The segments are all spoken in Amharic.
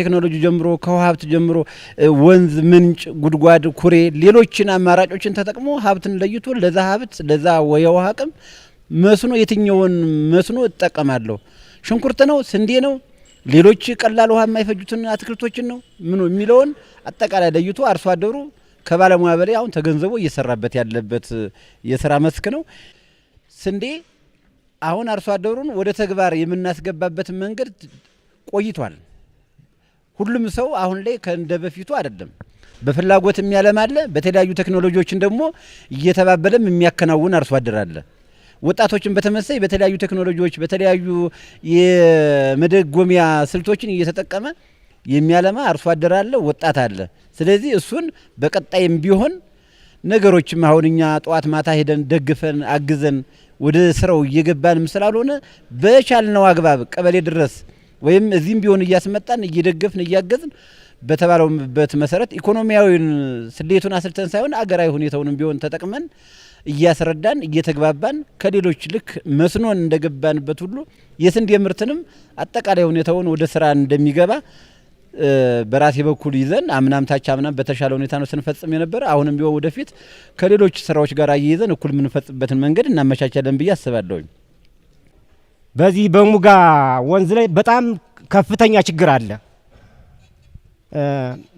ቴክኖሎጂ ጀምሮ ከውሃ ሀብት ጀምሮ ወንዝ፣ ምንጭ፣ ጉድጓድ፣ ኩሬ፣ ሌሎችን አማራጮችን ተጠቅሞ ሀብትን ለይቶ ለዛ ሀብት ለዛ የውሃ አቅም መስኖ የትኛውን መስኖ እጠቀማለሁ? ሽንኩርት ነው? ስንዴ ነው? ሌሎች ቀላል ውሃ የማይፈጁትን አትክልቶችን ነው ምኑ የሚለውን አጠቃላይ ለይቶ አርሶ አደሩ ከባለሙያ በላይ አሁን ተገንዝቦ እየሰራበት ያለበት የስራ መስክ ነው። ስንዴ አሁን አርሶ አደሩን ወደ ተግባር የምናስገባበት መንገድ ቆይቷል። ሁሉም ሰው አሁን ላይ ከእንደ በፊቱ አይደለም። በፍላጎት የሚያለም አለ። በተለያዩ ቴክኖሎጂዎችን ደግሞ እየተባበለም የሚያከናውን አርሶ አደር አለ። ወጣቶችን በተመሳይ በተለያዩ ቴክኖሎጂዎች በተለያዩ የመደጎሚያ ስልቶችን እየተጠቀመ የሚያለማ አርሶ አደር አለ፣ ወጣት አለ። ስለዚህ እሱን በቀጣይም ቢሆን ነገሮችም አሁን እኛ ጠዋት ማታ ሄደን ደግፈን አግዘን ወደ ስራው እየገባንም ስላልሆነ በቻልነው አግባብ ቀበሌ ድረስ ወይም እዚህም ቢሆን እያስመጣን እየደገፍን እያገዝን በተባለውበት መሰረት ኢኮኖሚያዊን ስሌቱን አስልተን ሳይሆን አገራዊ ሁኔታውንም ቢሆን ተጠቅመን እያስረዳን እየተግባባን ከሌሎች ልክ መስኖን እንደገባንበት ሁሉ የስንዴ ምርትንም አጠቃላይ ሁኔታውን ወደ ስራ እንደሚገባ በራሴ በኩል ይዘን አምናም ታች አምናም በተሻለ ሁኔታ ነው ስንፈጽም የነበረ። አሁንም ቢሆን ወደፊት ከሌሎች ስራዎች ጋር እየይዘን እኩል የምንፈጽምበትን መንገድ እናመቻቻለን ብዬ አስባለሁኝ። በዚህ በሙጋ ወንዝ ላይ በጣም ከፍተኛ ችግር አለ።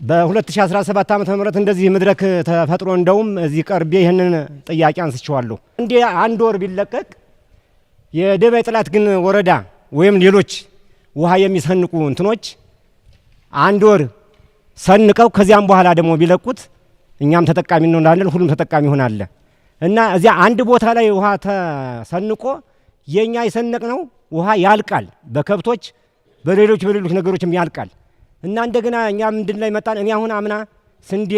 በ2017 ዓ ም እንደዚህ መድረክ ተፈጥሮ እንደውም እዚህ ቀርቤ ይህንን ጥያቄ አንስቼዋለሁ። እንዲ አንድ ወር ቢለቀቅ የደባይ ጥላት ግን ወረዳ ወይም ሌሎች ውሃ የሚሰንቁ እንትኖች አንድ ወር ሰንቀው ከዚያም በኋላ ደግሞ ቢለቁት እኛም ተጠቃሚ እንሆናለን፣ ሁሉም ተጠቃሚ ይሆናለ እና እዚያ አንድ ቦታ ላይ ውሃ ተሰንቆ የእኛ የሰነቅ ነው ውሃ ያልቃል፣ በከብቶች በሌሎች በሌሎች ነገሮችም ያልቃል እና እንደገና እኛ ምንድን ላይ መጣን? እኔ አሁን አምና ስንዴ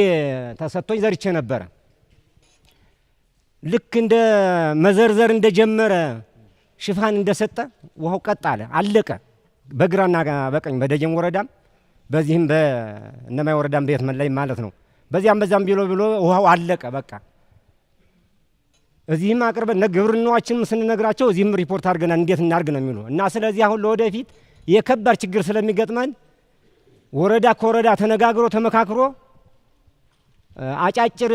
ተሰጥቶኝ ዘርቼ ነበረ። ልክ እንደ መዘርዘር እንደጀመረ ሽፋን እንደሰጠ ውሃው ቀጥ አለ፣ አለቀ። በግራና በቀኝ በደጀም ወረዳም በዚህም በእነማይ ወረዳም ቤት መላይ ማለት ነው። በዚያም በዛም ቢሎ ብሎ ውሃው አለቀ በቃ። እዚህም አቅርበን ግብርናዎችንም ስንነግራቸው እዚህም ሪፖርት አድርገናል እንዴት እናድርግ ነው የሚሉ እና ስለዚህ አሁን ለወደፊት የከባድ ችግር ስለሚገጥመን ወረዳ ከወረዳ ተነጋግሮ ተመካክሮ አጫጭር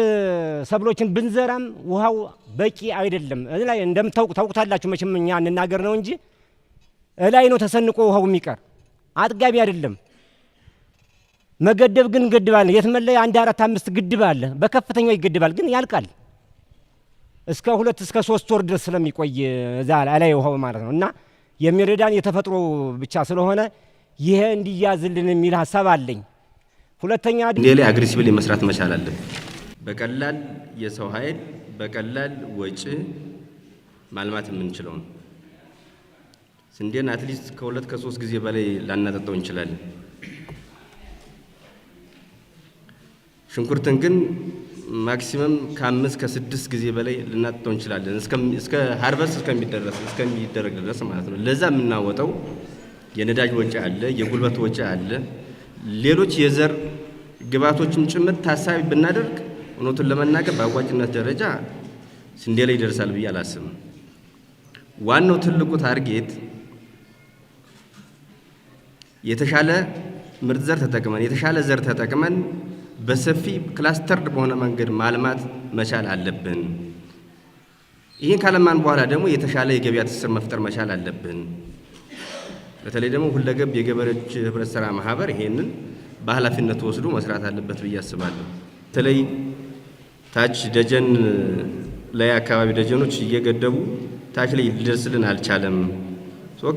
ሰብሎችን ብንዘራም ውሃው በቂ አይደለም። ላይ እንደምታውቁ ታውቁታላችሁ መቼም እኛ እንናገር ነው እንጂ እላይ ነው ተሰንቆ ውሃው የሚቀር አጥጋቢ አይደለም። መገደብ ግን እንገድባለን። የትም ላይ አንድ አራት አምስት ግድብ አለ፣ በከፍተኛው ይገድባል፣ ግን ያልቃል። እስከ ሁለት እስከ ሶስት ወር ድረስ ስለሚቆይ እዛ ላይ ውሃው ማለት ነው እና የሚረዳን የተፈጥሮ ብቻ ስለሆነ ይሄ እንዲያዝልን የሚል ሀሳብ አለኝ። ሁለተኛ እንዲህ ላይ አግሬሲቭሊ መስራት መቻል አለብን። በቀላል የሰው ኃይል በቀላል ወጪ ማልማት የምንችለው ነው። ስንዴን አትሊስት ከሁለት ከሶስት ጊዜ በላይ ላናጠጣው እንችላለን። ሽንኩርትን ግን ማክሲመም ከአምስት ከስድስት ጊዜ በላይ ልናጠው እንችላለን። እስከ ሀርቨስት እስከሚደረስ እስከሚደረግ ድረስ ማለት ነው። ለዛ የምናወጣው የነዳጅ ወጪ አለ፣ የጉልበት ወጪ አለ፣ ሌሎች የዘር ግብዓቶችም ጭምር ታሳቢ ብናደርግ እውነቱን ለመናገር በአዋጭነት ደረጃ ስንዴ ላይ ይደርሳል ብዬ አላስብም። ዋናው ትልቁ ታርጌት የተሻለ ምርጥ ዘር ተጠቅመን የተሻለ ዘር ተጠቅመን በሰፊ ክላስተርድ በሆነ መንገድ ማልማት መቻል አለብን። ይህን ካለማን በኋላ ደግሞ የተሻለ የገበያ ትስስር መፍጠር መቻል አለብን። በተለይ ደግሞ ሁለገብ የገበሬዎች ህብረት ስራ ማህበር ይሄንን በኃላፊነት ወስዶ መስራት አለበት ብዬ አስባለሁ። በተለይ ታች ደጀን ላይ አካባቢ ደጀኖች እየገደቡ ታች ላይ ሊደርስልን አልቻለም።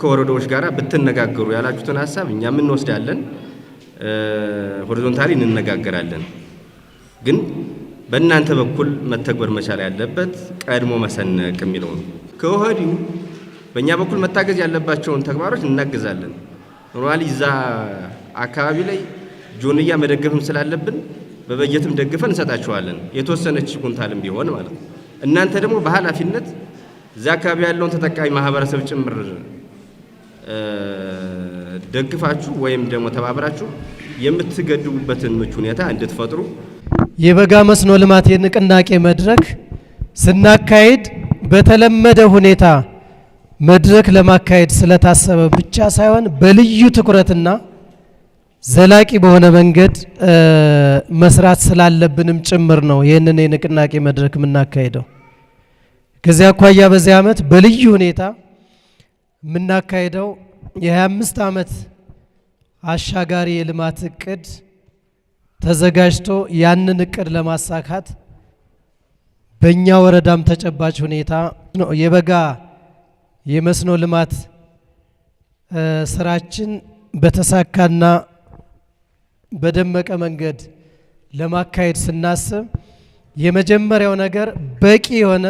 ከወረዳዎች ጋር ብትነጋገሩ ያላችሁትን ሀሳብ እኛ ምንወስዳለን ሆሪዞንታሊ እንነጋገራለን። ግን በእናንተ በኩል መተግበር መቻል ያለበት ቀድሞ መሰነቅ የሚለው ነው። ከወዲሁ በእኛ በኩል መታገዝ ያለባቸውን ተግባሮች እናግዛለን። ኖርማሊ እዛ አካባቢ ላይ ጆንያ መደገፍም ስላለብን በበጀትም ደግፈን እንሰጣቸዋለን። የተወሰነች ኩንታልም ቢሆን ማለት ነው። እናንተ ደግሞ በኃላፊነት እዛ አካባቢ ያለውን ተጠቃሚ ማህበረሰብ ጭምር ደግፋችሁ ወይም ደግሞ ተባብራችሁ የምትገድቡበትን ምቹ ሁኔታ እንድትፈጥሩ የበጋ መስኖ ልማት የንቅናቄ መድረክ ስናካሄድ በተለመደ ሁኔታ መድረክ ለማካሄድ ስለታሰበ ብቻ ሳይሆን በልዩ ትኩረትና ዘላቂ በሆነ መንገድ መስራት ስላለብንም ጭምር ነው ይህንን የንቅናቄ መድረክ የምናካሄደው። ከዚያ አኳያ በዚህ ዓመት በልዩ ሁኔታ የምናካሄደው የ25 ዓመት አሻጋሪ የልማት እቅድ ተዘጋጅቶ ያንን እቅድ ለማሳካት በእኛ ወረዳም ተጨባጭ ሁኔታ የበጋ የመስኖ ልማት ስራችን በተሳካና በደመቀ መንገድ ለማካሄድ ስናስብ የመጀመሪያው ነገር በቂ የሆነ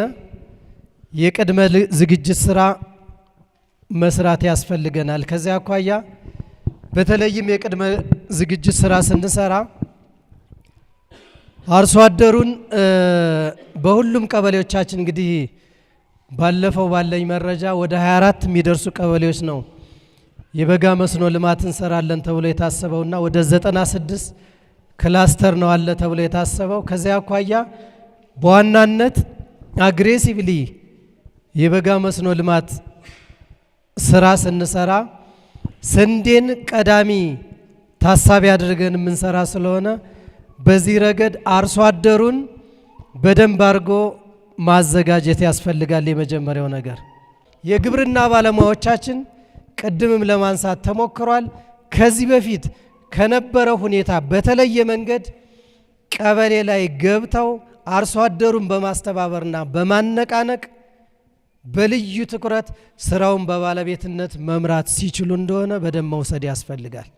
የቅድመ ዝግጅት ስራ መስራት ያስፈልገናል። ከዚያ አኳያ በተለይም የቅድመ ዝግጅት ስራ ስንሰራ አርሶ አደሩን በሁሉም ቀበሌዎቻችን እንግዲህ ባለፈው ባለኝ መረጃ ወደ 24 የሚደርሱ ቀበሌዎች ነው የበጋ መስኖ ልማት እንሰራለን ተብሎ የታሰበውና ወደ 96 ክላስተር ነው አለ ተብሎ የታሰበው። ከዚያ አኳያ በዋናነት አግሬሲቭሊ የበጋ መስኖ ልማት ስራ ስንሰራ ስንዴን ቀዳሚ ታሳቢ አድርገን የምንሰራ ስለሆነ በዚህ ረገድ አርሶ አደሩን በደንብ አድርጎ ማዘጋጀት ያስፈልጋል። የመጀመሪያው ነገር የግብርና ባለሙያዎቻችን ቅድምም ለማንሳት ተሞክሯል። ከዚህ በፊት ከነበረው ሁኔታ በተለየ መንገድ ቀበሌ ላይ ገብተው አርሶ አደሩን በማስተባበርና በማነቃነቅ በልዩ ትኩረት ስራውን በባለቤትነት መምራት ሲችሉ እንደሆነ በደንብ መውሰድ ያስፈልጋል።